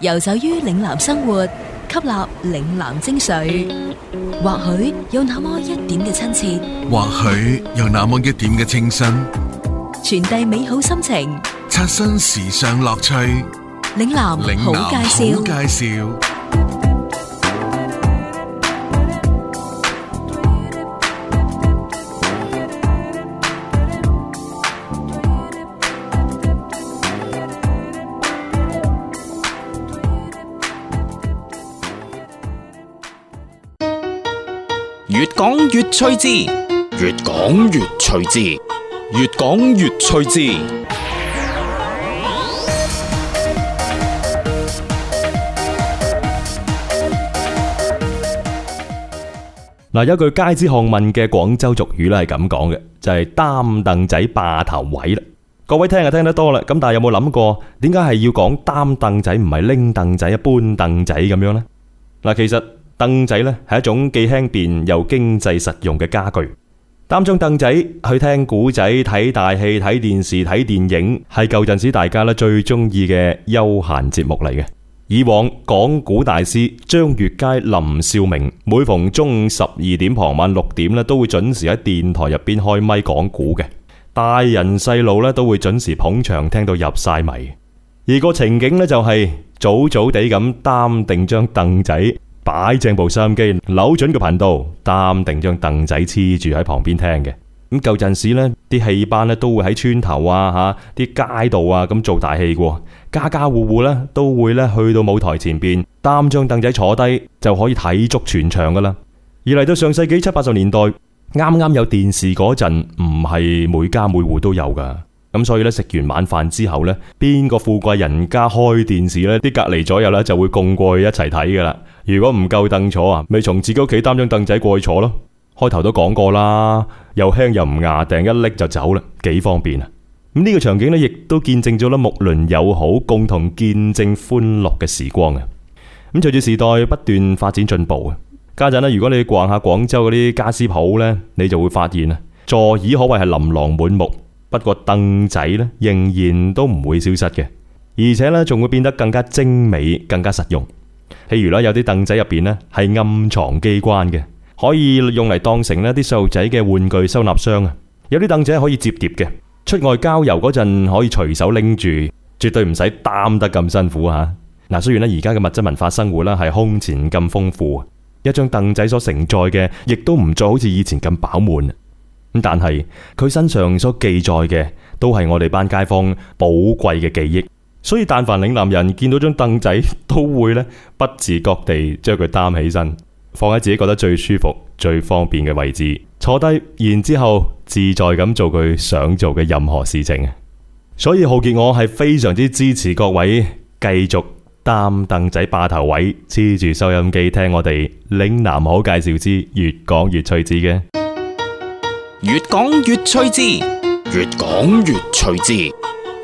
遊走於嶺南生活，吸納嶺南精髓，或許有那麼一點嘅親切，或許有那麼一點嘅清新，傳遞美好心情，刷新時尚樂趣。嶺南好介紹。越趣字，越講越趣字，越講越趣字。嗱， 有一句街知巷聞嘅廣州俗語咧，係咁講嘅，就係、是、擔凳仔霸頭位啦。各位聽就聽得多啦，咁但係有冇諗過，點解係要講擔凳仔，唔係拎凳仔、一搬凳仔咁樣呢？嗱，其實。凳仔呢係一種既輕便又經濟實用嘅家具。擔張凳仔去聽古仔、睇大戲、睇電視、睇電影，係舊陣時大家咧最中意嘅休閒節目嚟嘅。以往講古大師張月佳、林兆明，每逢中午十二點、傍晚六點咧，都會準時喺電台入邊開咪講古嘅，大人細路咧都會準時捧場，聽到入晒迷。而個情景呢、就是，就係早早地咁擔定張凳仔。擺正部收音機，扭準個頻道，擔定張凳仔黐住喺旁邊聽嘅。咁舊陣時咧，啲戲班咧都會喺村頭啊、吓啲街道啊咁做大戲嘅，家家戶戶咧都會咧去到舞台前邊擔張凳仔坐低就可以睇足全場噶啦。而嚟到上世紀七八十年代，啱啱有電視嗰陣，唔係每家每戶都有噶，咁所以咧食完晚飯之後咧，邊個富貴人家開電視咧，啲隔籬左右咧就會共過去一齊睇噶啦。如果唔夠凳坐啊，咪從自己屋企擔張凳仔過去坐咯。開頭都講過啦，又輕又唔礙埞，一拎就走啦，幾方便啊！咁、這、呢個場景呢，亦都見證咗啦睦鄰友好，共同見證歡樂嘅時光啊！咁隨住時代不斷發展進步啊，家陣呢，如果你逛下廣州嗰啲家私鋪呢，你就會發現啊，座椅可謂係琳琅滿目，不過凳仔呢，仍然都唔會消失嘅，而且呢，仲會變得更加精美，更加實用。譬如啦，有啲凳仔入邊呢係暗藏機關嘅，可以用嚟當成呢啲細路仔嘅玩具收納箱啊。有啲凳仔可以摺疊嘅，出外郊遊嗰陣可以隨手拎住，絕對唔使擔得咁辛苦吓。嗱，雖然呢而家嘅物質文化生活呢係空前咁豐富，一張凳仔所承載嘅亦都唔再好似以前咁飽滿。咁但係佢身上所記載嘅，都係我哋班街坊寶貴嘅記憶。所以，但凡嶺南人見到張凳仔，都會咧不自覺地將佢擔起身，放喺自己覺得最舒服、最方便嘅位置坐低，然之後自在咁做佢想做嘅任何事情啊！所以浩傑我係非常之支持各位繼續擔凳仔霸頭位，黐住收音機聽我哋嶺南好介紹之越講越趣致嘅，越講越趣致，越講越趣致。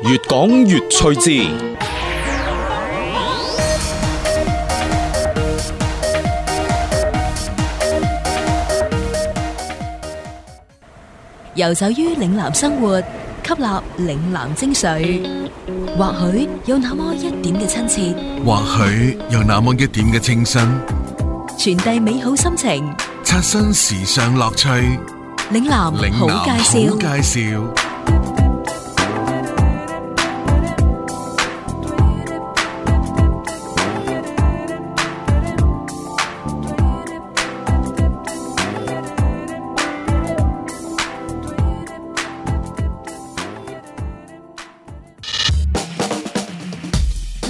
越講越趣致，遊走於嶺南生活，吸納嶺南精髓。或許有那麼一點嘅親切，或許有那麼一點嘅清新，傳遞美好心情，刷新時尚樂趣。嶺南好介紹。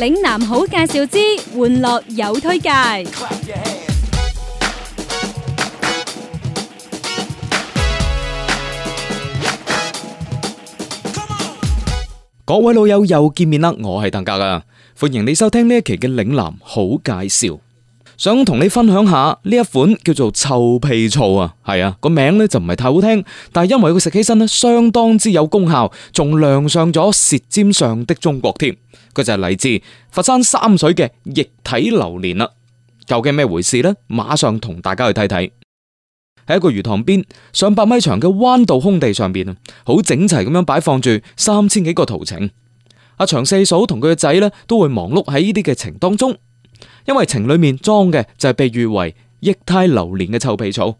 嶺南好介紹之玩樂有推介，各位老友又見面啦！我係鄧格啊，歡迎你收聽呢一期嘅嶺南好介紹。想同你分享下呢一款叫做臭屁醋啊，係啊，個名咧就唔係太好聽，但係因為佢食起身咧相當之有功效，仲亮相咗舌尖上的中國添。佢就係嚟自佛山三水嘅液體榴蓮啦。究竟咩回事咧？馬上同大家去睇睇。喺一個魚塘邊，上百米長嘅彎道空地上邊啊，好整齊咁樣擺放住三千幾個陶埕。阿長四嫂同佢嘅仔咧都會忙碌喺呢啲嘅埕當中。因為情裏面裝嘅就係被譽為液態榴蓮嘅臭屁醋，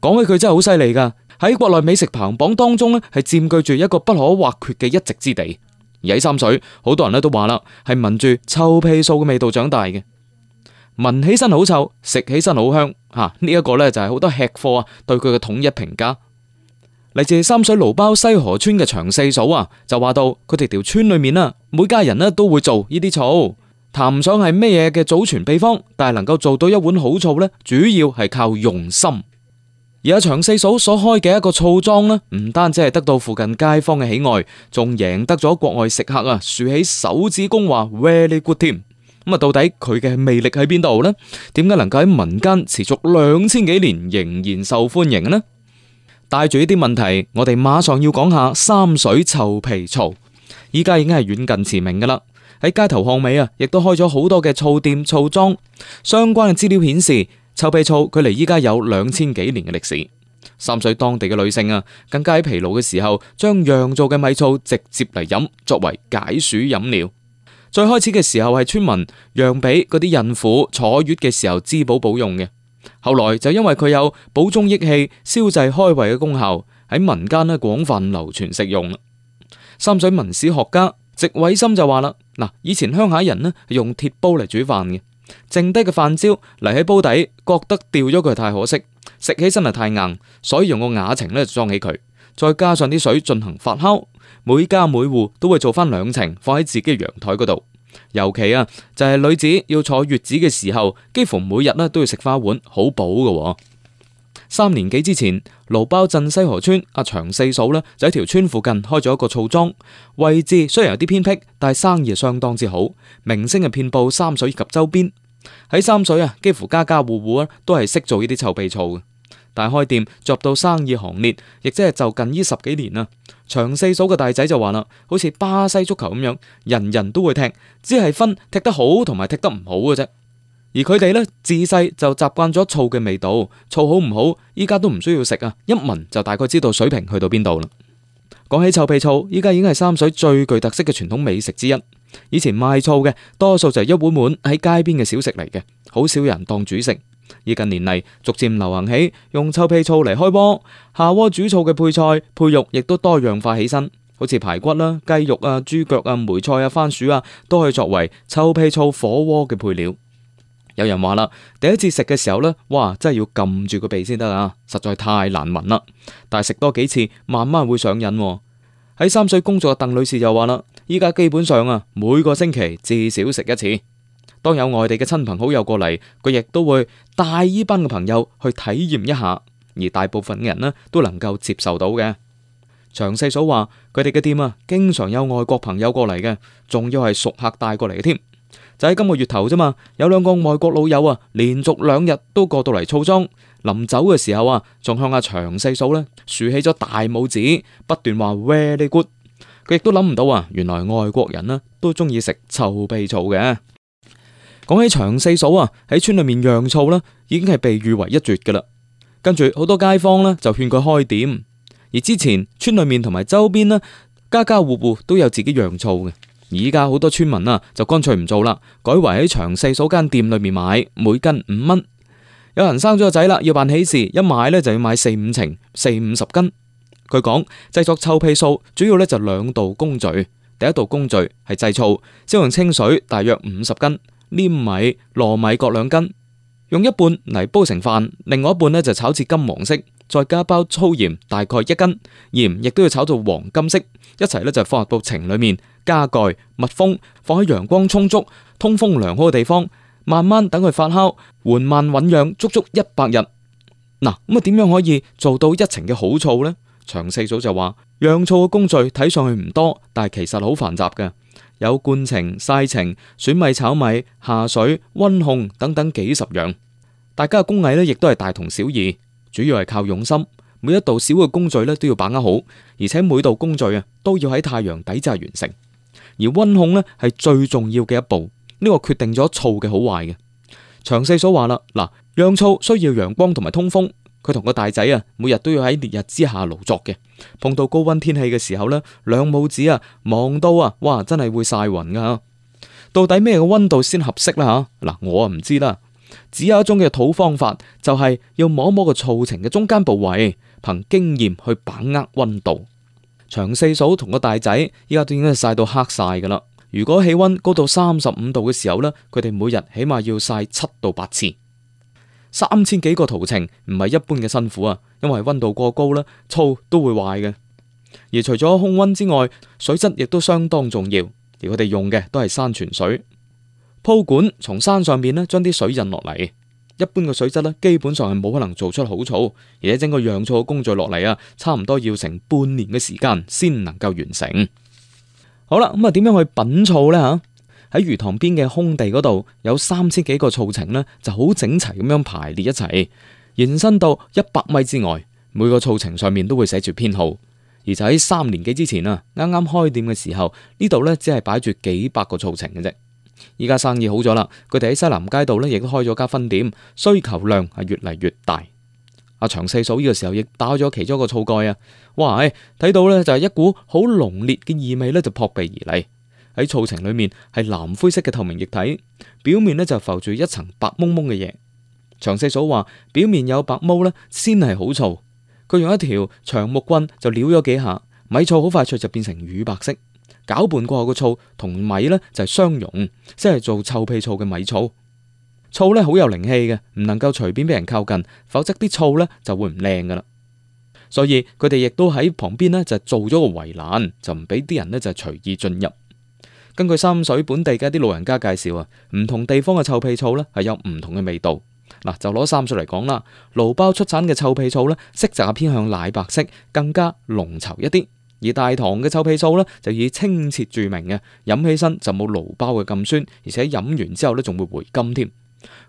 講起佢真係好犀利噶，喺國內美食排行榜當中呢係佔據住一個不可或缺嘅一席之地。而喺三水，好多人咧都話啦，係聞住臭屁醋嘅味道長大嘅，聞起身好臭，食起身好香，吓呢一個呢，就係好多吃貨啊對佢嘅統一評價。嚟自三水蘆苞西河村嘅長四嫂啊，就話到佢哋條村裏面啊，每家人呢都會做呢啲醋。談唔上係咩嘢嘅祖傳秘方，但係能夠做到一碗好醋呢，主要係靠用心。而阿長四嫂所開嘅一個醋莊呢，唔單止係得到附近街坊嘅喜愛，仲贏得咗國外食客啊，豎起手指公話 very good 添。咁啊，到底佢嘅魅力喺邊度呢？點解能夠喺民間持續兩千幾年仍然受歡迎呢？帶住呢啲問題，我哋馬上要講下三水臭屁醋，依家已經係遠近馳名㗎喇。喺街頭巷尾啊，亦都開咗好多嘅醋店醋莊。相關嘅資料顯示，臭屁醋距離依家有兩千幾年嘅歷史。三水當地嘅女性啊，更加喺疲勞嘅時候，將釀造嘅米醋直接嚟飲，作為解暑飲料。最開始嘅時候係村民釀俾嗰啲孕婦坐月嘅時候滋補補用嘅。後來就因為佢有補中益氣、消滯開胃嘅功效，喺民間呢廣泛流傳食用。三水文史學家植偉森就話啦。嗱，以前鄉下人呢，用鐵煲嚟煮飯嘅，剩低嘅飯焦嚟喺煲底，覺得掉咗佢太可惜，食起身又太硬，所以用個瓦埕咧裝起佢，再加上啲水進行發酵，每家每戶都會做翻兩埕放喺自己嘅陽台嗰度，尤其啊就係女子要坐月子嘅時候，幾乎每日呢都要食花碗，好補㗎。三年幾之前，蘆苞鎮西河村阿、啊、長四嫂呢，就喺條村附近開咗一個醋莊，位置雖然有啲偏僻，但係生意相當之好，名聲係遍布三水以及周邊。喺三水啊，幾乎家家戶戶啊都係識做呢啲臭屁醋嘅，但係開店作到生意行列，亦即係就近呢十幾年啦。長四嫂嘅大仔就話啦，好似巴西足球咁樣，人人都會踢，只係分踢得好同埋踢得唔好嘅啫。而佢哋呢，自細就習慣咗醋嘅味道，醋好唔好，依家都唔需要食啊，一聞就大概知道水平去到邊度啦。講起臭屁醋，依家已經係三水最具特色嘅傳統美食之一。以前賣醋嘅多數就係一碗碗喺街邊嘅小食嚟嘅，好少人當主食。而近年嚟逐漸流行起用臭屁醋嚟開鍋，下鍋煮醋嘅配菜、配肉亦都多樣化起身，好似排骨啦、雞肉啊、豬腳啊、梅菜啊、番薯啊，都可以作為臭屁醋火鍋嘅配料。有人話啦，第一次食嘅時候呢，哇，真係要撳住個鼻先得啊，實在太難聞啦。但係食多幾次，慢慢會上癮喎。喺三水工作嘅鄧女士又話啦，依家基本上啊，每個星期至少食一次。當有外地嘅親朋好友過嚟，佢亦都會帶依班嘅朋友去體驗一下。而大部分嘅人呢，都能夠接受到嘅。詳細嫂話，佢哋嘅店啊，經常有外國朋友過嚟嘅，仲要係熟客帶過嚟嘅添。就喺今個月頭啫嘛，有兩個外國老友啊，連續兩日都過到嚟醋莊，臨走嘅時候啊，仲向阿、啊、長四嫂呢，豎起咗大拇指，不斷話 very good。佢亦都諗唔到啊，原來外國人呢，都中意食臭屁醋嘅。講起長四嫂啊，喺村裏面釀醋呢，已經係被譽為一絕噶啦。跟住好多街坊呢，就勸佢開店。而之前村裏面同埋周邊呢，家家戶戶都有自己釀醋嘅。而家好多村民啊，就乾脆唔做啦，改為喺長四所間店裏面買，每斤五蚊。有人生咗個仔啦，要辦喜事，一買呢就要買四五程四五十斤。據講製作臭屁醋主要呢就兩道工序，第一道工序係製醋，先用清水大約五十斤黏米糯米各兩斤，用一半嚟煲成飯，另外一半呢就炒至金黃色。再加包粗鹽，大概一斤鹽，亦都要炒到黃金色，一齊咧就放入到情裏面，加蓋密封，放喺陽光充足、通風良好嘅地方，慢慢等佢發酵，緩慢醞釀，足足一百日。嗱，咁啊，點樣可以做到一程嘅好醋咧？長四祖就話，釀醋嘅工序睇上去唔多，但係其實好繁雜嘅，有灌情、曬情、選米、炒米、下水、溫控等等幾十樣，大家嘅工藝咧亦都係大同小異。主要係靠用心，每一道小嘅工序咧都要把握好，而且每道工序啊都要喺太陽底下完成。而溫控咧係最重要嘅一步，呢個決定咗醋嘅好壞嘅。長四嫂話啦，嗱釀醋需要陽光同埋通風，佢同個大仔啊每日都要喺烈日之下勞作嘅。碰到高溫天氣嘅時候咧，兩母子啊忙到啊，哇真係會曬暈噶吓。到底咩嘅溫度先合適啦吓？嗱我啊唔知啦。只有一種嘅土方法，就係要摸摸個醋埕嘅中間部位，憑經驗去把握溫度。長四嫂同個大仔依家都已經曬到黑晒噶啦。如果氣溫高到三十五度嘅時候呢，佢哋每日起碼要曬七到八次。三千幾個醋埕唔係一般嘅辛苦啊，因為溫度過高啦，醋都會壞嘅。而除咗控溫之外，水質亦都相當重要，而佢哋用嘅都係山泉水。鋪管從山上邊咧，將啲水引落嚟。一般嘅水質咧，基本上係冇可能做出好醋，而且整個釀醋嘅工序落嚟啊，差唔多要成半年嘅時間先能夠完成。好啦，咁、嗯、啊，點樣去品醋呢？吓，喺魚塘邊嘅空地嗰度，有三千幾個醋埕呢就好整齊咁樣排列一齊，延伸到一百米之外。每個醋埕上面都會寫住編號，而就喺三年幾之前啊，啱啱開店嘅時候，呢度呢只係擺住幾百個醋埕嘅啫。依家生意好咗啦，佢哋喺西南街道呢亦都開咗家分店，需求量係越嚟越大。阿長四嫂呢個時候亦打咗其中一個醋蓋啊，哇！哎、睇到呢就係一股好濃烈嘅異味呢，就撲鼻而嚟。喺醋埕裏面係藍灰色嘅透明液體，表面呢就浮住一層白蒙蒙嘅嘢。長四嫂話表面有白毛呢，先係好醋。佢用一條長木棍就撩咗幾下，米醋好快脆就變成乳白色。攪拌過後嘅醋同米呢，就係相融，即係做臭屁醋嘅米醋。醋呢，好有靈氣嘅，唔能夠隨便俾人靠近，否則啲醋呢就會唔靚噶啦。所以佢哋亦都喺旁邊呢，就是、做咗個圍欄，就唔俾啲人呢，就隨意進入。根據三水本地嘅啲老人家介紹啊，唔同地方嘅臭屁醋呢，係有唔同嘅味道。嗱，就攞三水嚟講啦，蘆苞出產嘅臭屁醋呢，色澤偏向奶白色，更加濃稠一啲。而大塘嘅臭屁醋呢，就以清澈著名嘅，飲起身就冇蘆苞嘅咁酸，而且飲完之後呢，仲會回甘添。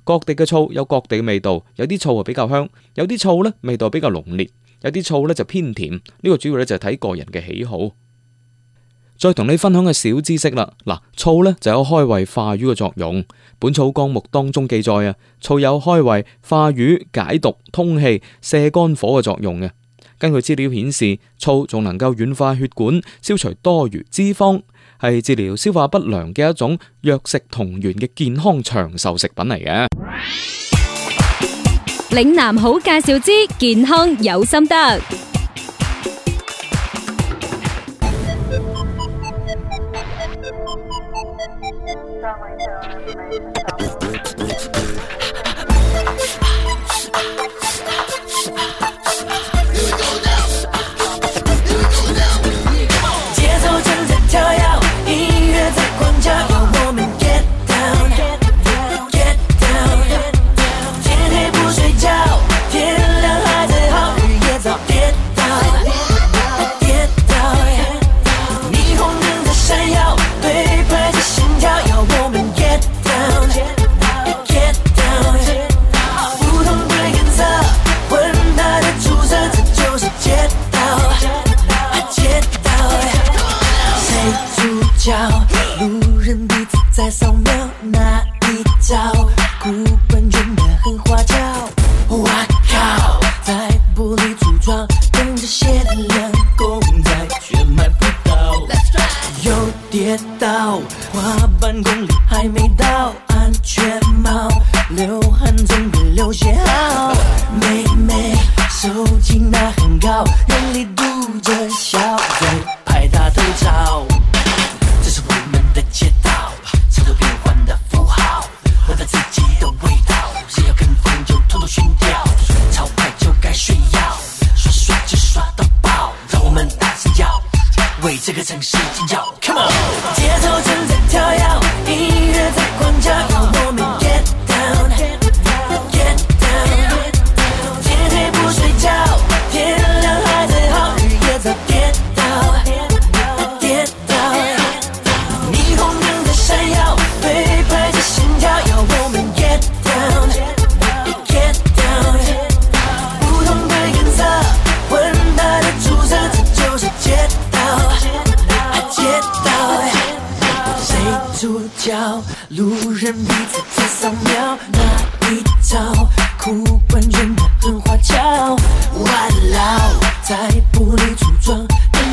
各地嘅醋有各地嘅味道，有啲醋啊比較香，有啲醋呢味道比較濃烈，有啲醋呢就偏甜。呢個主要呢，就係睇個人嘅喜好。再同你分享嘅小知識啦，嗱，醋呢就有開胃化瘀嘅作用，《本草綱目》當中記載啊，醋有開胃化瘀、解毒通氣、瀉肝火嘅作用嘅。根據資料顯示，醋仲能夠軟化血管、消除多餘脂肪，係治療消化不良嘅一種藥食同源嘅健康長壽食品嚟嘅。嶺南好介紹之健康有心得。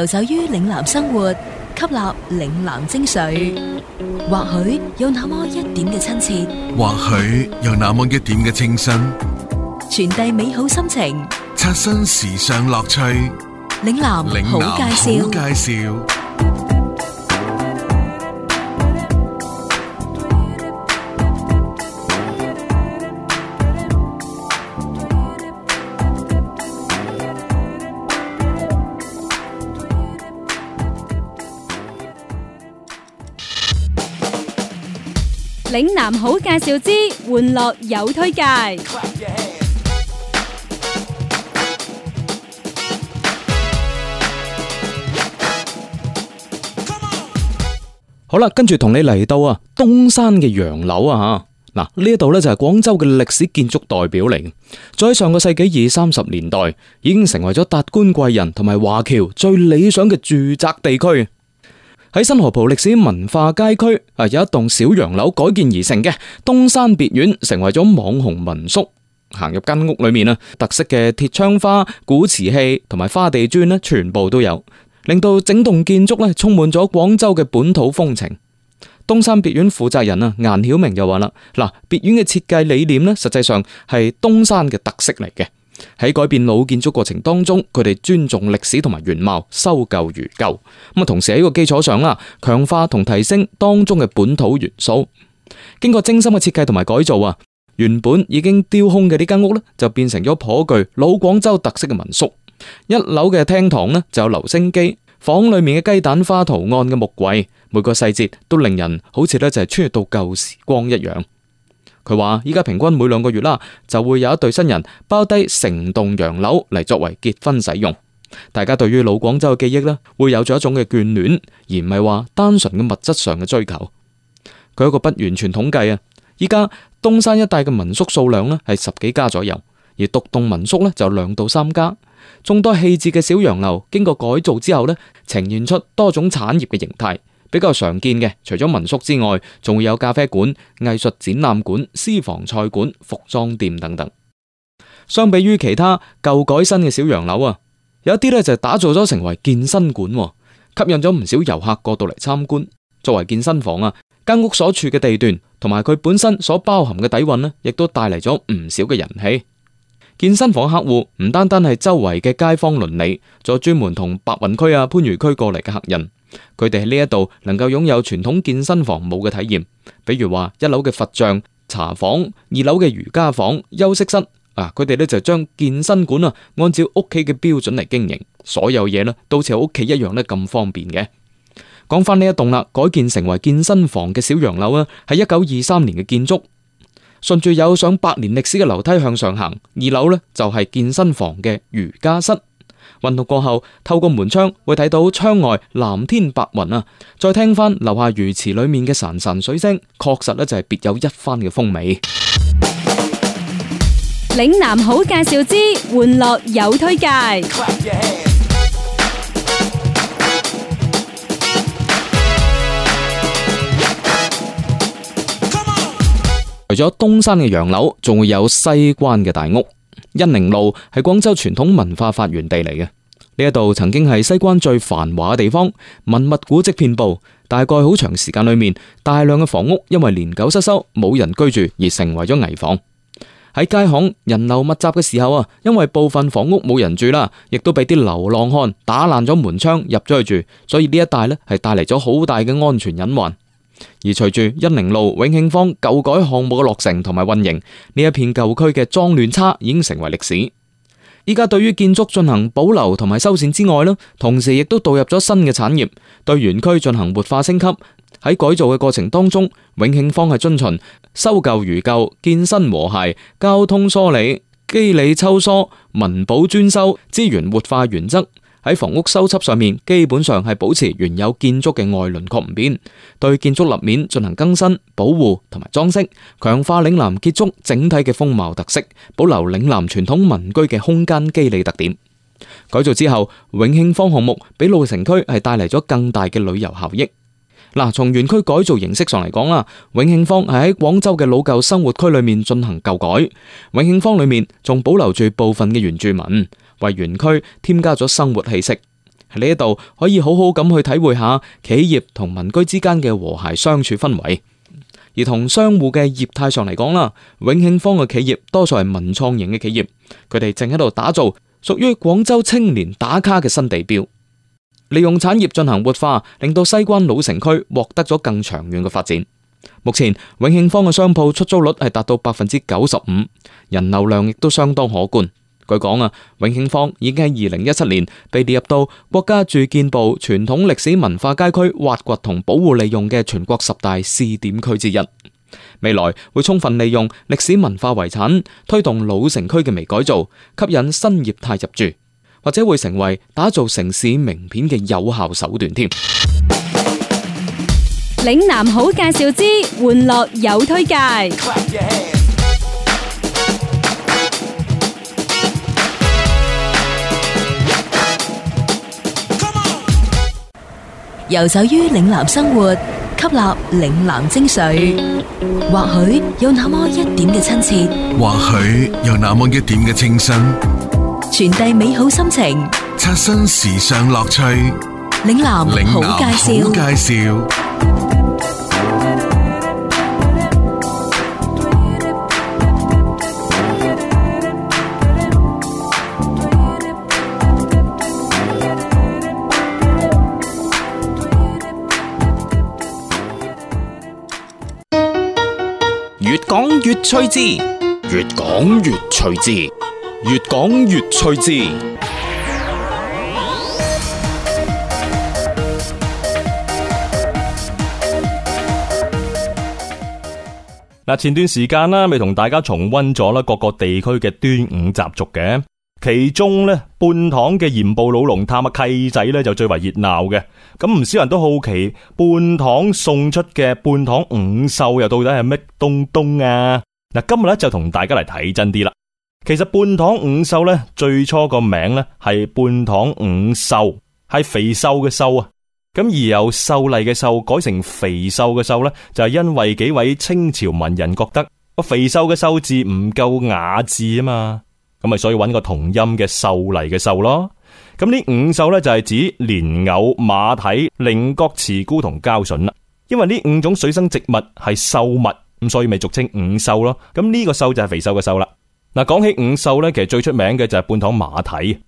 遊走於嶺南生活，吸納嶺南精髓，或許有那麼一點嘅親切，或許有那麼一點嘅清新，傳遞美好心情，刷新時尚樂趣。嶺南好介紹。嶺南好介紹之，玩樂有推介。好啦，跟住同你嚟到啊，東山嘅洋樓啊吓，嗱呢一度呢就係廣州嘅歷史建築代表嚟嘅。再上個世紀二三十年代，已經成為咗達官貴人同埋華僑最理想嘅住宅地區。喺新河浦歷史文化街區啊，有一棟小洋樓改建而成嘅東山別院，成為咗網紅民宿。行入間屋裏面啊，特色嘅鐵窗花、古瓷器同埋花地磚咧，全部都有，令到整棟建築咧充滿咗廣州嘅本土風情。東山別院負責人啊，顏曉明就話啦：嗱，別院嘅設計理念咧，實際上係東山嘅特色嚟嘅。喺改變老建築過程當中，佢哋尊重歷史同埋原貌，修舊如舊。咁啊，同時喺個基礎上啦，強化同提升當中嘅本土元素。經過精心嘅設計同埋改造啊，原本已經丟空嘅呢間屋咧，就變成咗頗具老廣州特色嘅民宿。一樓嘅廳堂呢，就有留聲機，房裏面嘅雞蛋花圖案嘅木櫃，每個細節都令人好似咧就係穿越到舊時光一樣。佢話依家，平均每兩個月啦，就會有一對新人包低成棟洋樓嚟作為結婚使用。大家對於老廣州嘅記憶呢，會有咗一種嘅眷戀，而唔係話單純嘅物質上嘅追求。佢有一個不完全統計啊，依家東山一帶嘅民宿數量呢係十幾家左右，而獨棟民宿呢就兩到三家。眾多棄置嘅小洋樓經過改造之後呢，呈現出多種產業嘅形態。比較常見嘅，除咗民宿之外，仲會有咖啡館、藝術展覽館、私房菜館、服裝店等等。相比於其他舊改新嘅小洋樓啊，有啲咧就係打造咗成為健身館，吸引咗唔少遊客過到嚟參觀。作為健身房啊，間屋所處嘅地段同埋佢本身所包含嘅底蘊呢，亦都帶嚟咗唔少嘅人氣。健身房客戶唔單單係周圍嘅街坊鄰里，仲有專門同白雲區啊番禺區過嚟嘅客人。佢哋喺呢一度能夠擁有傳統健身房冇嘅體驗，比如話一樓嘅佛像茶房，二樓嘅瑜伽房、休息室啊，佢哋呢就將健身館啊按照屋企嘅標準嚟經營，所有嘢呢都似屋企一樣呢咁方便嘅。講翻呢一棟啦，改建成為健身房嘅小洋樓啊，係一九二三年嘅建築。順住有上百年歷史嘅樓梯向上行，二樓呢，就係健身房嘅瑜伽室。運動過後，透過門窗會睇到窗外藍天白雲啊！再聽翻樓下魚池裏面嘅潺潺水聲，確實呢就係別有一番嘅風味。嶺南好介紹之，玩樂有推介。除咗東山嘅洋樓，仲會有西關嘅大屋。恩寧路係廣州傳統文化發源地嚟嘅。呢一度曾經係西關最繁華嘅地方，文物古蹟遍布。大概好長時間裏面，大量嘅房屋因為年久失修，冇人居住而成為咗危房。喺街巷人流密集嘅時候啊，因為部分房屋冇人住啦，亦都俾啲流浪漢打爛咗門窗入咗去住，所以呢一帶呢，係帶嚟咗好大嘅安全隱患。而隨住恩寧路永慶坊舊改項目嘅落成同埋運營，呢一片舊區嘅髒亂差已經成為歷史。依家對於建築進行保留同埋修繕之外，呢同時亦都導入咗新嘅產業，對園區進行活化升級。喺改造嘅過程當中，永慶坊係遵循修舊如舊、建新和諧、交通梳理、肌理抽疏、文保專修、資源活化原則。喺房屋修葺上面，基本上係保持原有建築嘅外輪廓唔變，對建築立面進行更新、保護同埋裝飾，強化嶺南建築整體嘅風貌特色，保留嶺南傳統民居嘅空間肌理特點。改造之後，永慶坊項目俾老城區係帶嚟咗更大嘅旅遊效益。嗱，從園區改造形式上嚟講啦，永慶坊係喺廣州嘅老舊生活區裏面進行舊改，永慶坊裏面仲保留住部分嘅原住民。為園區添加咗生活氣息，喺呢一度可以好好咁去體會下企業同民居之間嘅和諧相處氛圍。而同商戶嘅業態上嚟講啦，永慶坊嘅企業多數係文創型嘅企業，佢哋正喺度打造屬於廣州青年打卡嘅新地標。利用產業進行活化，令到西關老城區獲得咗更長遠嘅發展。目前永慶坊嘅商鋪出租率係達到百分之九十五，人流量亦都相當可觀。據講啊，永慶坊已經喺二零一七年被列入到國家住建部傳統歷史文化街區挖掘同保護利用嘅全國十大試點區之一。未來會充分利用歷史文化遺產，推動老城區嘅微改造，吸引新業態入住，或者會成為打造城市名片嘅有效手段添。嶺南好介紹之，玩樂有推介。遊走於嶺南生活，吸納嶺南精髓，或許有那麼一點嘅親切，或許有那麼一點嘅清新，傳遞美好心情，刷新時尚樂趣。嶺南好介紹，好介紹。越趣致，越講越趣致，越講越趣致。嗱， 前段時間啦，咪同大家重温咗啦各個地區嘅端午習俗嘅。其中咧，半塘嘅鹽步老龍探啊契仔咧就最為熱鬧嘅。咁唔少人都好奇，半塘送出嘅半塘五秀又到底係乜東東啊？嗱，今日咧就同大家嚟睇真啲啦。其實半塘五秀咧最初個名咧係半塘五瘦，係肥瘦嘅瘦啊。咁而由秀麗嘅瘦改成肥瘦嘅瘦咧，就係因為幾位清朝文人覺得個肥瘦嘅瘦字唔夠雅致啊嘛。咁咪，所以揾個同音嘅秀麗嘅秀咯。咁呢五秀咧就係指蓮藕、馬蹄、菱角、慈菇同茭筍啦。因為呢五種水生植物係瘦物，咁所以咪俗稱五瘦咯。咁呢個瘦就係肥瘦嘅瘦啦。嗱，講起五秀咧，其實最出名嘅就係泮塘馬蹄。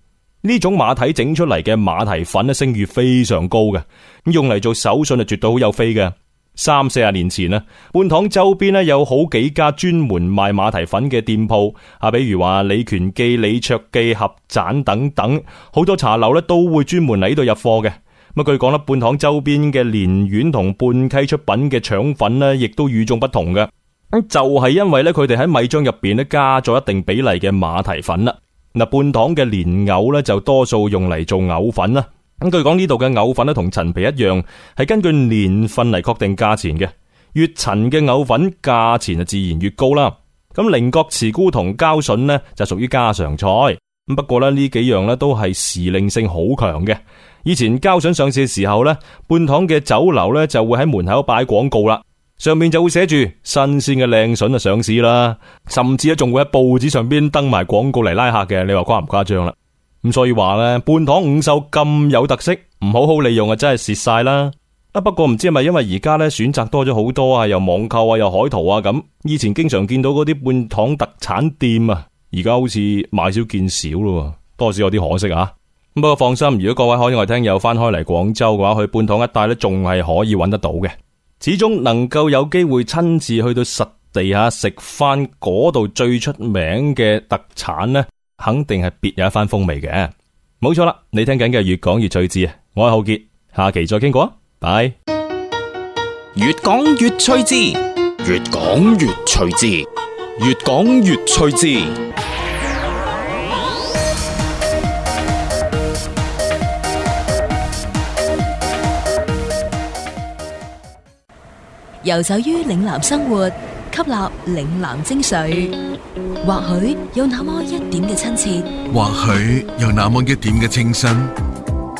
呢種馬蹄整出嚟嘅馬蹄粉咧，聲譽非常高嘅，咁用嚟做手信就絕對好有飛嘅。三四十年前啦，半塘周邊咧有好幾家專門賣馬蹄粉嘅店鋪，啊，比如話李權記、李卓記、合棧，等等，好多茶樓咧都會專門嚟呢度入貨嘅。咁據講咧，半塘周邊嘅蓮園同半溪出品嘅腸粉咧，亦都與眾不同嘅。咁就係、是、因為咧，佢哋喺米漿入邊咧加咗一定比例嘅馬蹄粉啦。嗱，半塘嘅蓮藕咧就多數用嚟做藕粉啦。咁據講呢度嘅藕粉咧同陳皮一樣，係根據年份嚟確定價錢嘅。越陳嘅藕粉價錢就自然越高啦。咁菱角、慈菇同膠筍呢，就屬於家常菜。不過咧呢幾樣咧都係時令性好強嘅。以前膠筍上市嘅時候咧，半堂嘅酒樓咧就會喺門口擺廣告啦，上面就會寫住新鮮嘅靚筍啊上市啦，甚至啊仲會喺報紙上邊登埋廣告嚟拉客嘅。你話誇唔誇張啦？咁所以話咧，半塘五秀咁有特色，唔好好利用啊，真係蝕晒啦！啊，不過唔知係咪因為而家咧選擇多咗好多啊，又網購啊，又海淘啊咁，以前經常見到嗰啲半塘特產店啊，而家好似買少見少咯，多少有啲可惜吓，啊啊。不過放心，如果各位海外聽友翻開嚟廣州嘅話，去半塘一帶咧，仲係可以揾得到嘅，始終能夠有機會親自去到實地下食翻嗰度最出名嘅特產咧。肯定係別有一番風味嘅，冇錯啦！你聽緊嘅越講越趣致，我係浩杰，下期再傾過，拜！越講越趣致。越講越趣致。越講越趣致。游走於嶺南生活。吸納嶺南精髓，或許有那麼一點嘅親切，或許有那麼一點嘅清新，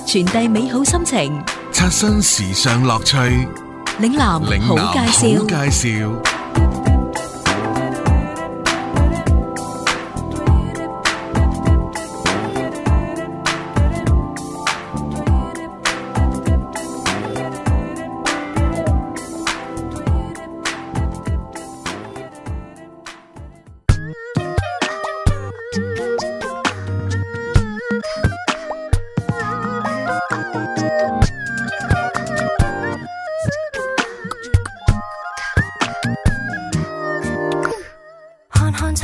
傳遞美好心情，刷新時尚樂趣。嶺南好介紹。